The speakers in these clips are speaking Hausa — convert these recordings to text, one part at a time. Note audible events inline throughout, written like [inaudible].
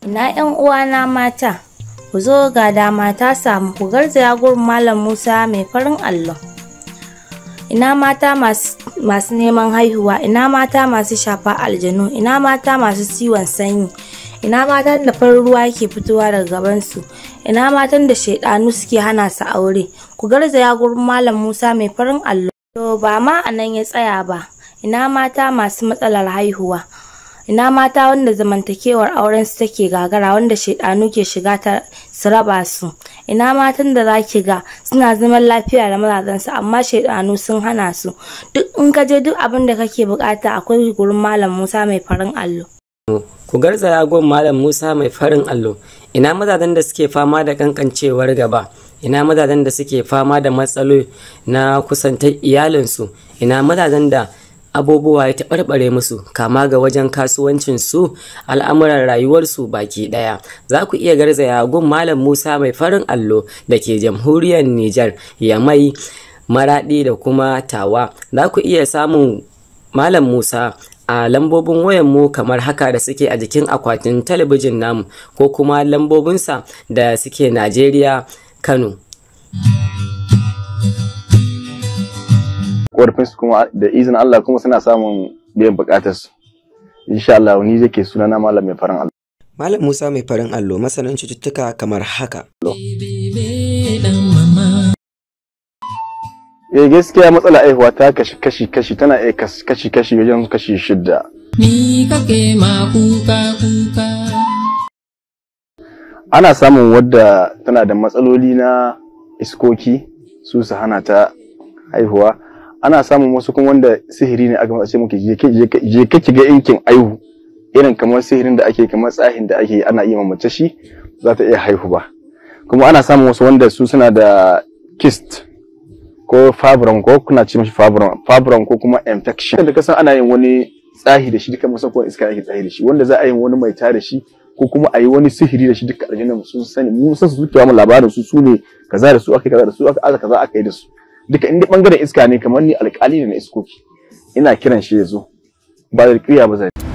Ina ‘yan uwana mata, ku zo ga dama ta samu ku garzaya gurin Malam Musa mai farin Allah. Ina mata masu neman haihuwa, ina mata masu shafa aljanu, ina mata masu ciwon sanyi, ina matan da farin ruwa ke fitowa daga gabansu, ina matan da shaidanu suke hana su aure, ku garzaya gurin Malam Musa mai farin allo. To ba ma a nan ya tsaya ba, ina mata masu matsalar haihuwa. ina mata wanda zamantakewar auren su take gagara wanda shaidanu ke shiga ta raba su ina matan da zaki ga suna zaman lafiya da mazajen su amma shaidanu sun hana su duk in ka je duk abin da kake bukata akwai gurin malam Musa mai farin allo ku garza gon malam Musa mai farin allo ina mazajen da suke fama da kankancewar gaba ina mazajen da suke fama da matsaloli na kusantar iyalinsu ina mazajen da abubuwa ya taɓarɓare musu kama ga wajen kasuwancinsu al'amuran rayuwarsu baki ɗaya za ku iya garzaya gun malam musa mai farin allo da ke jamhuriyar nijar ya mai maraɗi da kuma tawa za ku iya samun malam musa a lambobin wayan mu kamar haka da suke a jikin akwatin talabijin namu ko kuma lambobinsa da suke najeriya kano su kuma da izin Allah kuma suna samun biyan su insha Allah wani ni suna na malam mai farin allo malam Musa mai farin allo masanin cututtuka kamar haka eh gaskiya matsala aihuwa ta kashi kashi kashi tana iya kashi kashi wajen kashi shida ana samun wadda tana da matsaloli na iskoki su su hana ta haihuwa ana samun wasu kuma wanda sihiri ne aka ce muke je ka ki ga yankin aihu irin kamar sihirin da ake kamar tsahin da ake ana iya mamace shi za ta iya haihu ba kuma ana samun wasu wanda su suna da kist ko fabron ko kuna ce mashi fabron fabron ko kuma infection da kasan ana yin wani tsahi da shi duka musan kuma iska yake tsahi da shi wanda za a yi wani mai tare shi ko kuma a yi wani sihiri da shi duka aljanna sun sani mu su suke mu labarin su su ne kaza da su aka kaza da su aka kaza aka yi da su duka inda bangaren iska ne kamar ni alƙali ne na iskoki ina kiran shi ya zo ba da ƙiya ba zai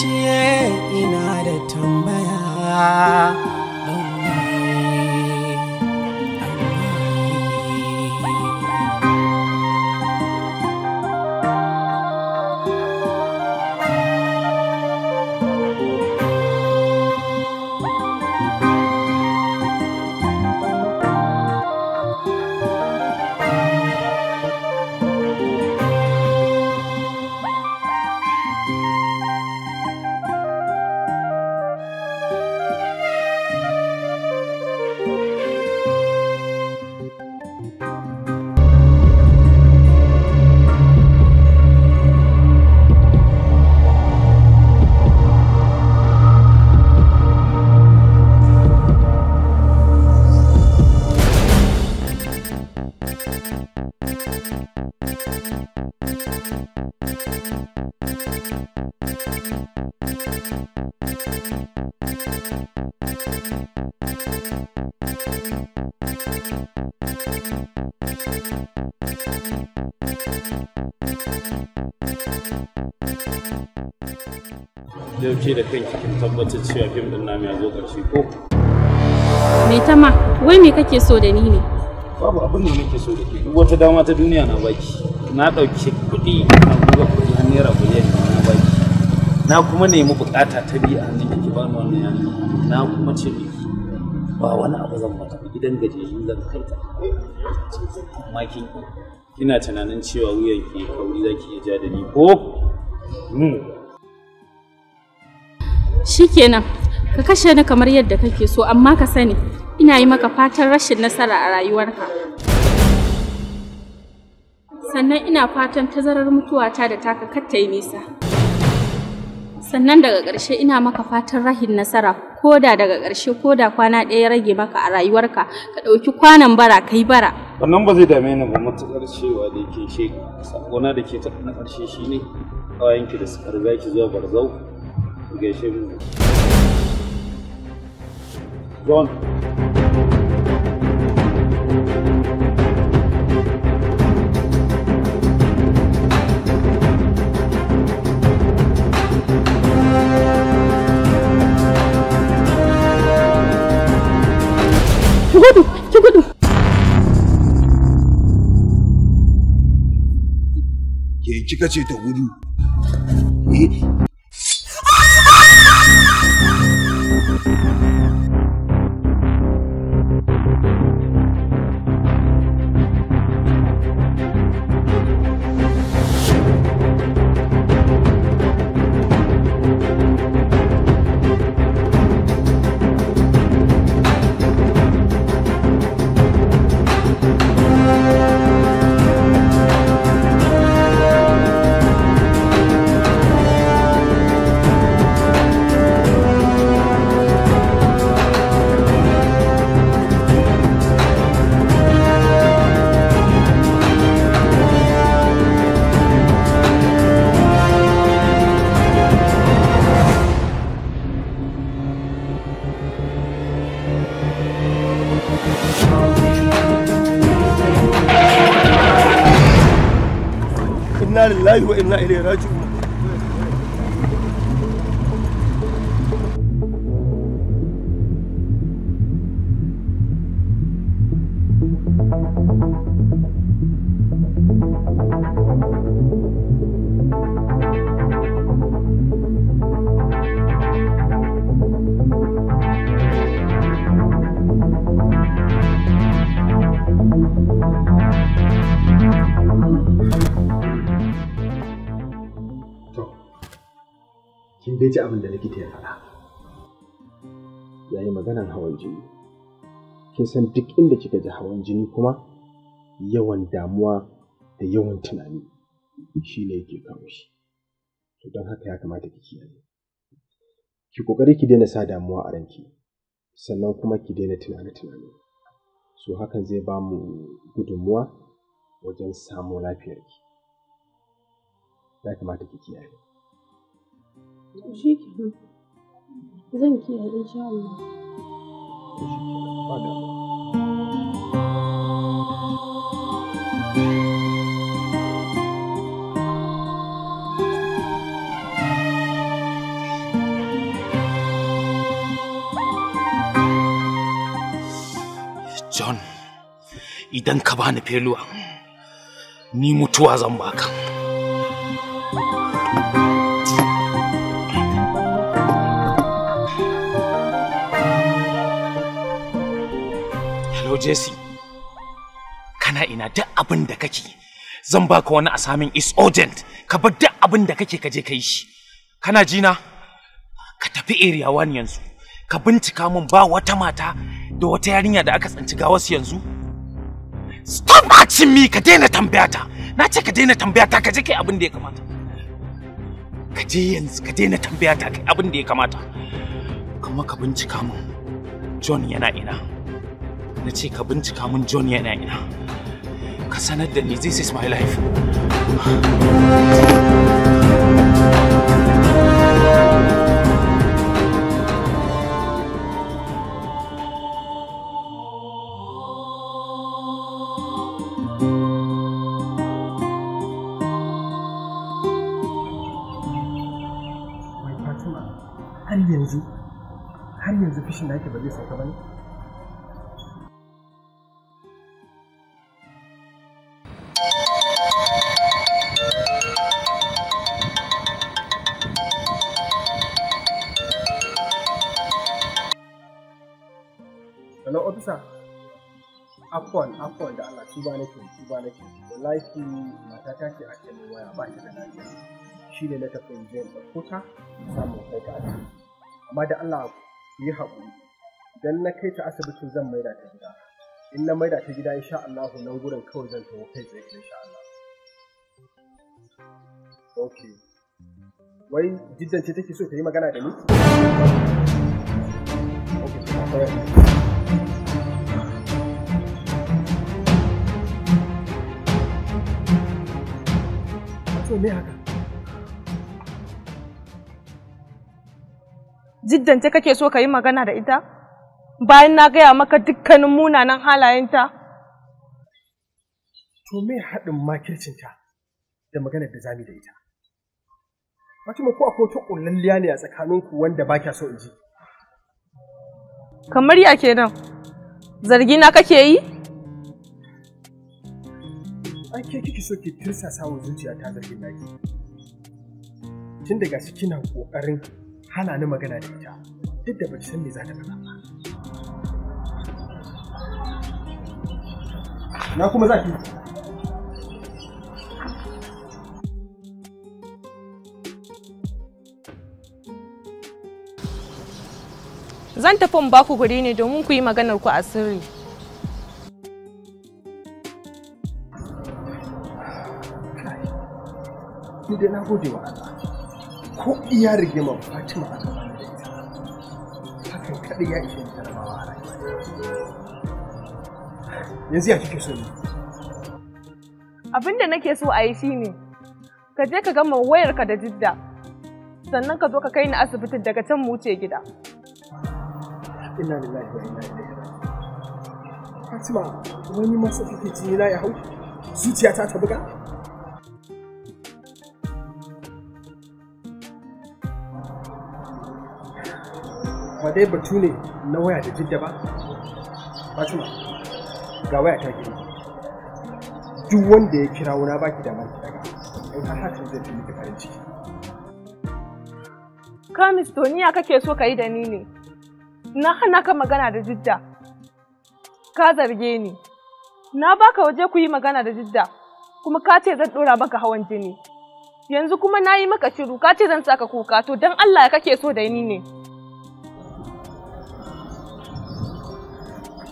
ce ina da tambaya yau da kanki kin tabbatar cewa fim din nam'i ya zo ƙarshe ko me ta ma wai me kake so da ni ne babu abin da nake so da ke duk wata dama ta duniya na baki na ɗauki kuɗi na buga kuɗi na naira biliyan na baki na kuma nemi bukata ta biya a hannun ki bani wannan yanzu. na kuma ce ba wani abu zan mata gidan gajeji zan kanta. amma kin kina tunanin cewa wuyan ki kauri zaki iya ja da ni ko hmm. shikenan ka kashe ni kamar yadda kake so amma ka sani ina yi maka fatan rashin nasara a rayuwarka sannan ina fatan tazarar mutuwata da taka kattai nisa sannan daga ƙarshe ina maka fatan rahin nasara ko da daga ƙarshe ko da kwana ɗaya ya rage maka a rayuwarka ka ɗauki kwanan bara ka yi bara wannan ba zai dame ni ba matuƙar cewa da ke ke sakona da ke ta na ƙarshe shine kawayenki da suka riga ki zuwa barzau ku gaishe mu John gudu, ki kika ce ta gudu? Eh, lillahi wa inna ilaihi raji'un ya ji abin da likita ya faɗa yayi maganan hawan jini kin san duk inda kika ji hawan jini kuma yawan damuwa da yawan tunani shi ne yake kawo shi to don haka ya kamata ki kiyaye ki kokari ki daina sa damuwa a ranki sannan kuma ki daina tunani tunani so hakan zai ba mu gudunmuwa wajen lafiyar lafiyarki ya kamata ki kiyaye shi ke zan kiyaye insha Allah. John, idan ka bani feluwa, ni mutuwa zan baka. Jesse, kana ina duk abin da kake zan baka wani asamin is urgent ka bar duk abin da kake kaje je ka yi shi. Kana jina? Ka tafi area one yanzu, ka bincika min ba wata mata da wata yarinya da aka tsinci gawas yanzu. Stop asking me ka daina tambayata. Na ce ka daina tambayata ka je kai abin da ya kamata. Ka je yanzu ka daina tambayata kai abin da ya kamata. Kuma ka bincika mun John yana ina. na ce ka bincika mun John yana ina. Ka sanar da ni this is my life. har yanzu har yanzu fishin da ake ba zai sauka ba ne ofisa afon afon da Allah tuba nake tuba nake wallahi mata ta ce ake cikin waya ba ta da lafiya shi ne na tafi je da kuta samu kai ka asibiti amma da Allah yi haƙuri idan na kai ta asibitin zan maida ta gida in na maida ta gida insha Allah nan gurin kawai zan tawo kai tsaye insha Allah ok, wai jiddan ce take so ta yi magana da ni Ok, ok, so haka jiddance kake so ka yi magana da ita bayan na gaya maka dukkanin munanan halayenta to me haɗin makircinta da maganar da zami da ita Fatima ko akwai wata ƙullalliya ne a tsakaninku wanda ba kya so in ji kamar ya kenan zargi na kake yi ake kike so ki tirsasa wa zuciya ta zargin naki tun daga shi kina kokarin hana ni magana da ita duk da baki san me za ta faɗa ba na kuma za ki Zan tafi ba baku guri ne domin ku yi maganar ku a sirri. dai na gode wa Allah ko iya rigima Fatima a gaba da ita hakan kaɗai ya ishe ni jarabawa a rayuwa yanzu ya kike so ne Abinda nake so a yi shine ka je ka gama wayarka da jidda sannan ka zo ka kai ni asibitin daga can mu wuce gida inna lillahi wa inna ilaihi Fatima wani masa kike ji na ya hau zuciyata ta buga ba dai batu ne na waya da jidda ba fatima ga waya ta gina duk wanda ya kira wuna baki damar maki daga in har hakan zai fi miki farin ciki kamis mistoniya kake so ka yi da ni ne na hana ka magana da jidda ka zarge ni na baka waje ku yi magana da jidda kuma ka ce zan dora maka hawan jini yanzu kuma na yi maka shiru ka ce zan saka kuka to don allah ya kake so da ni ne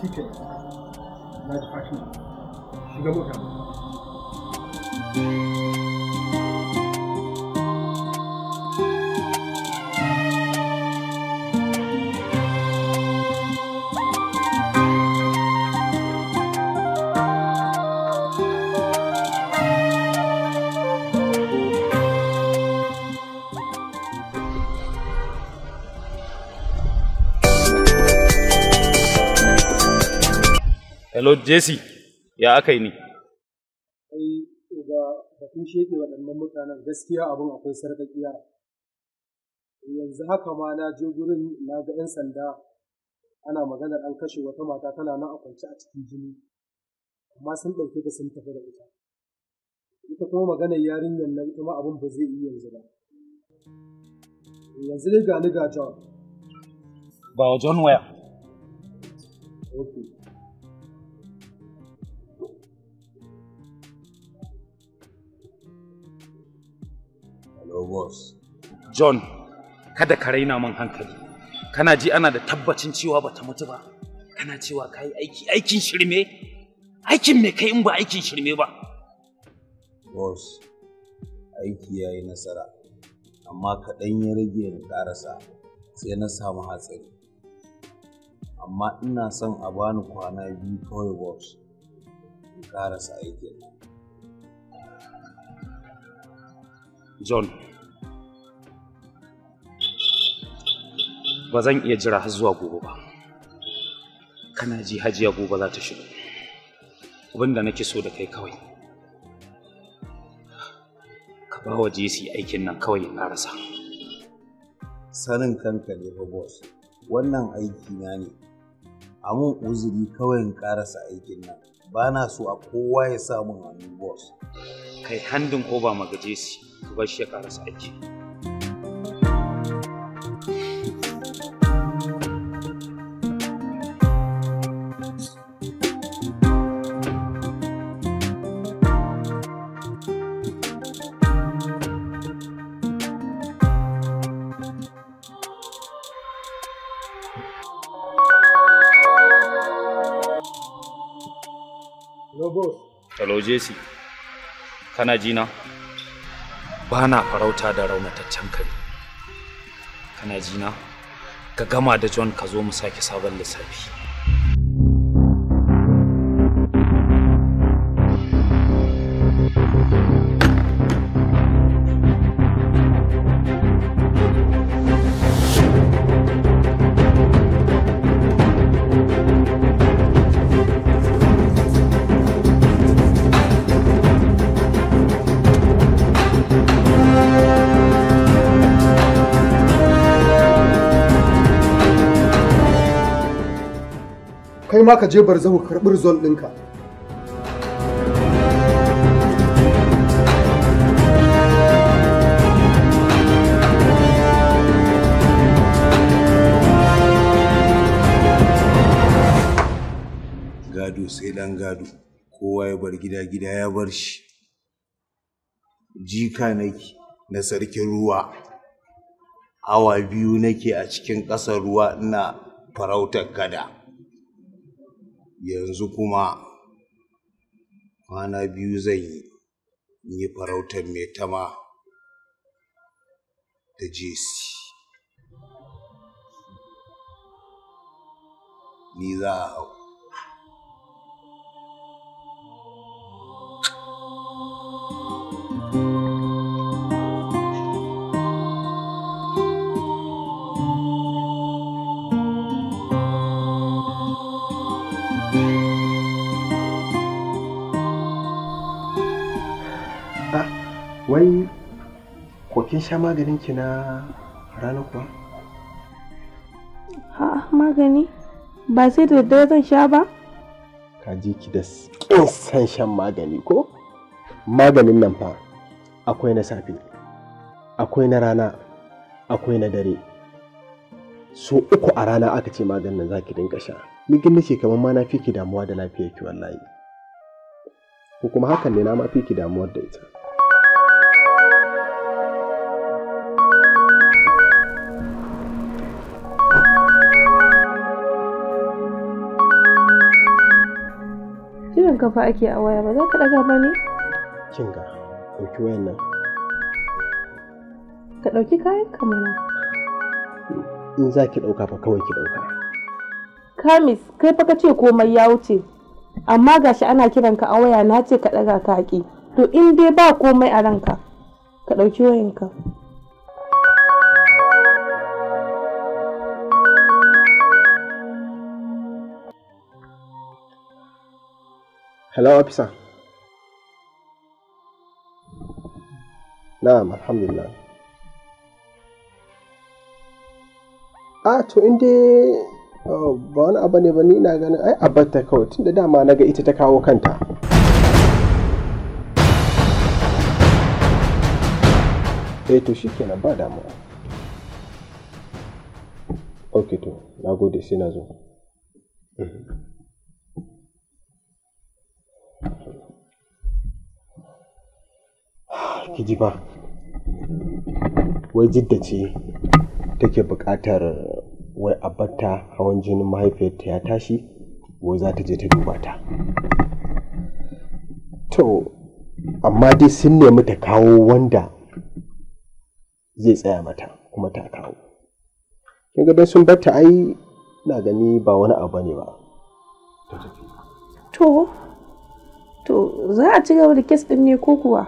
shi ke na fashi shiga mota Lord Jesse ya aka yi ni. Ai, ga batun sheke waɗannan mutanen gaskiya abin akwai sarƙaƙiya. Yanzu haka ma na je gurin na ga 'yan sanda ana maganar an kashe wata mata tana nan a kwance a cikin jini, amma sun ɗauke ta sun tafi da ita. Ita kuma maganar yarinyar nan ita ma abin ba zai iya yanzu ba. Yanzu dai ga ni ga John. Ba John waya. Okay. Lobos. John, kada ka raina man hankali. Kana ji ana da tabbacin cewa bata mutu ba. Kana cewa ka yi aiki aikin shirme? Aikin me kai in ba aikin shirme ba? Boss, aiki yayi nasara, amma kaɗan ya rage ni ƙarasa sai na samu hatsari. Amma ina son a bani kwana biyu kawai boss, in ƙarasa aikin john ba zan iya jira har zuwa gobe ba kana ji hajiya gobe za ta shigo abinda nake so da kai kawai ka ba wa Jesse aikin nan kawai ya karasa sanin kanka ne ba boss wannan aiki na ne a uzuri kawai in karasa aikin nan ba na so a kowa ya samun mun hannu boss kai handin ko ba maga jesi bar shi ya karasa aiki Hello, Jesse. Kana jina? bana farauta da raunataccen kai kana jina ka gama da john ka zo mu sake sabon lissafi ma ka je barzahu karɓi result ɗinka gado sai ɗan gado kowa ya bar gida gida ya bar shi jika nake na sarkin ruwa awa biyu nake a cikin ƙasar ruwa ina farautar kada. yanzu kuma kwana biyu zan yi farautar mai tama da jesi ni za a hau wai ko kin sha maganin ki na rana kuwa? Ha magani? Ba sai da daddare zan sha ba? Ka ji ki da kin san shan magani ko? Maganin nan fa akwai na safe, akwai na rana, akwai na dare. So uku a rana aka ce maganin za ki dinka sha. Nigin nake kamar ma na fi ki damuwa da ki, wallahi. Ko kuma hakan ne na ma fi ki damuwar da ita. kiran kafa ake a waya ba za ka ɗaga ba ne? Kin ga ɗauki wayan nan. Ka ɗauki kayan ka mana. In za ki ɗauka fa kawai ki ɗauka. Kamis kai fa ka ce komai ya wuce amma gashi ana kiran ka a waya na ce ka ɗaga ka haƙi to in dai ba komai a ranka ka ɗauki wayanka. hello officer na'am alhamdulillah a to in dai oh, ba wani abu ne ba ni ina ganin ai abarta kawai tunda dama na ga ita ta kawo kanta eh to shi kenan ba damuwa ok to na gode sai na zo mhm. ki ji ba wai jidda ce take buƙatar wai a hawan jinin mahaifiyarta ya tashi wai za ta je ta duba ta to amma dai sun nemi ta kawo wanda zai tsaya mata kuma ta kawo kin ga dai sun batta ai na gani ba wani abu ne ba to to za a ci gaba da kes ɗin ne ko kuwa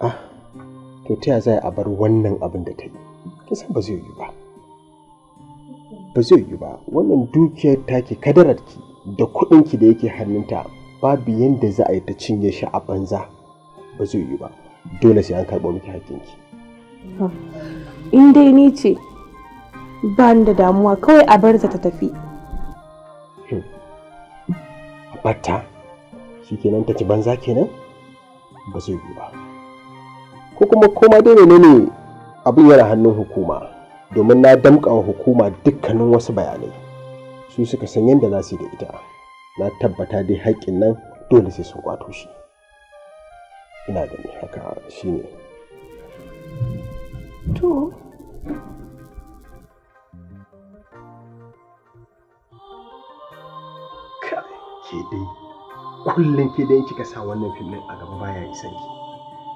ah to ta za a bar wannan abin da ta yi kisan ba zai yi ba ba zai yi ba wannan dukiyar take kadararki da kuɗinki da yake hannunta babu yadda za a yi ta cinye shi a banza ba zai yi ba dole sai an karɓo miki hakinki ah, in dai ni ce ba da damuwa kawai a bar ta tafi hmm. a shikenan ta ci banza kenan ba zai yi ba ko kuma koma dai ne ne abin yana hannun hukuma domin na damƙa wa hukuma dukkanin wasu bayanai su suka san yadda za su yi da ita na tabbata dai haƙƙin nan dole sai sun kwato shi ina da ni haka shine to ke dai kullum ke dai kika sa wannan fim din a gaba baya yi sanki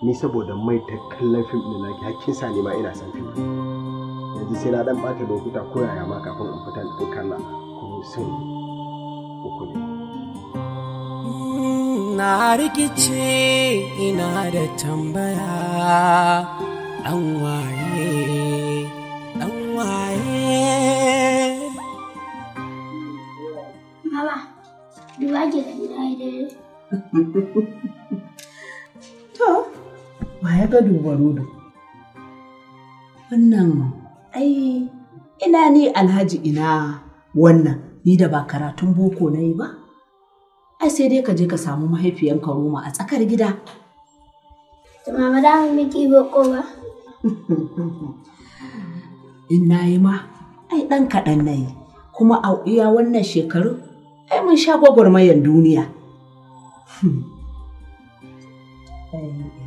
ni saboda mai ta kallon fim din naki hakkin sa ne ma ina san fim yanzu sai na dan bata lokuta ko yaya ma kafin in fita da kalla ko sun uku ne na rikice ina da tambaya an waye gado duba Wannan ai ina ni alhaji ina wannan ni da ba karatun boko na yi ba. Ai sai dai ka je ka samu mahaifiyanka Roma a tsakar gida. Mama da mu miki boko ba. [laughs] In na yi ma ai ɗan kaɗan na yi kuma a iya wannan shekaru ai mun sha gwagwarmayar duniya. [laughs]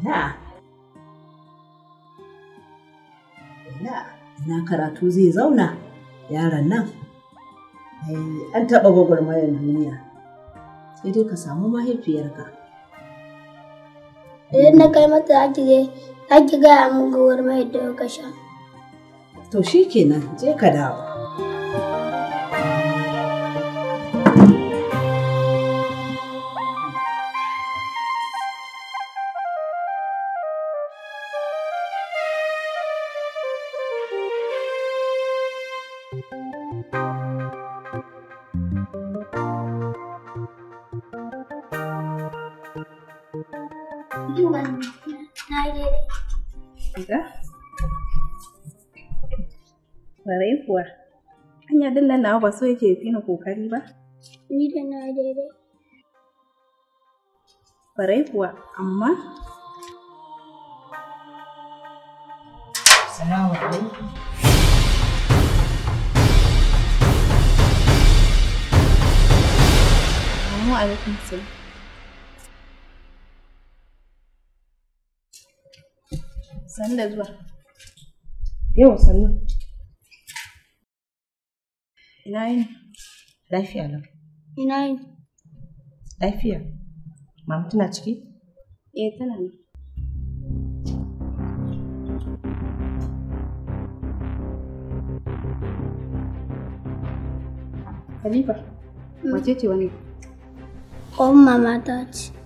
Ina. ina ina karatu zai zauna yaron nan an taɓa gwagwarmayar duniya sai dai ka samu mahaifiyarka idan na kai mata ake gaya min gwagwarmayar da ka sha to shikenan je ka dawo nan na ba so yake fina kokari ba? Ni da na daidai. Barai kuwa, amma? Salamu alaikum. Salamu alaikum salam. Sanda zuwa. Yau sannu. Ina Lafiya lau. Ina yi? Lafiya. Mama tana ciki? Eh tana ne. Khalifa, mm. wace ce wani? Ƙwan mama ta ce.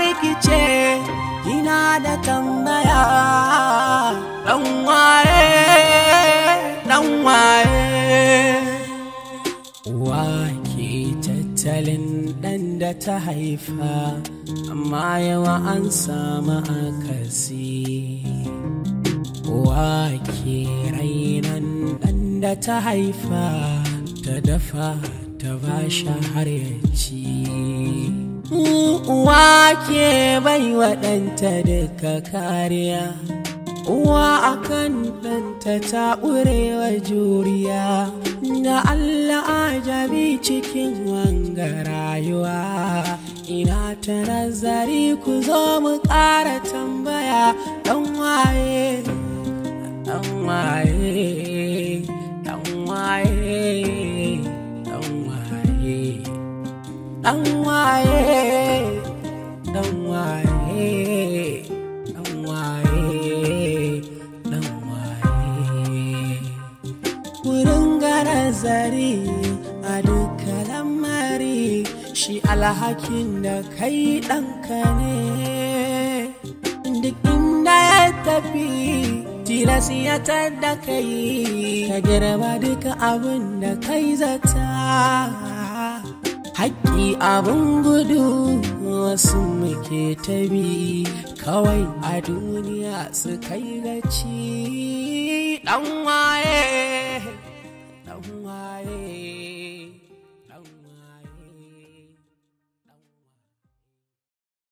rikice ina da tambaya dan waye dan waye uwa ke tattalin dan da ta haifa amma yawa an samu akasi uwa ke rainan dan da ta haifa ta dafa ta ba shi har ya Uwa ke bai waɗanta duka kariya, uwa a kan ɗanta ta ɓurewa juriya, da Allah ajabi cikin wanga rayuwa. Ina ta nazari ku zo mu ƙara tambaya ɗan waye, ɗan waye, ɗan waye. ɗan waye ɗan waye ɗan waye ɗan waye wurin gara zari a duka lamari shi alhakin da kai ɗanka ne duk inda ya tafi tilas ya da kai ka girma duka abin da kai zata haƙƙi abin gudu wasu muke tabi kawai a duniya su kai gaci ɗan waye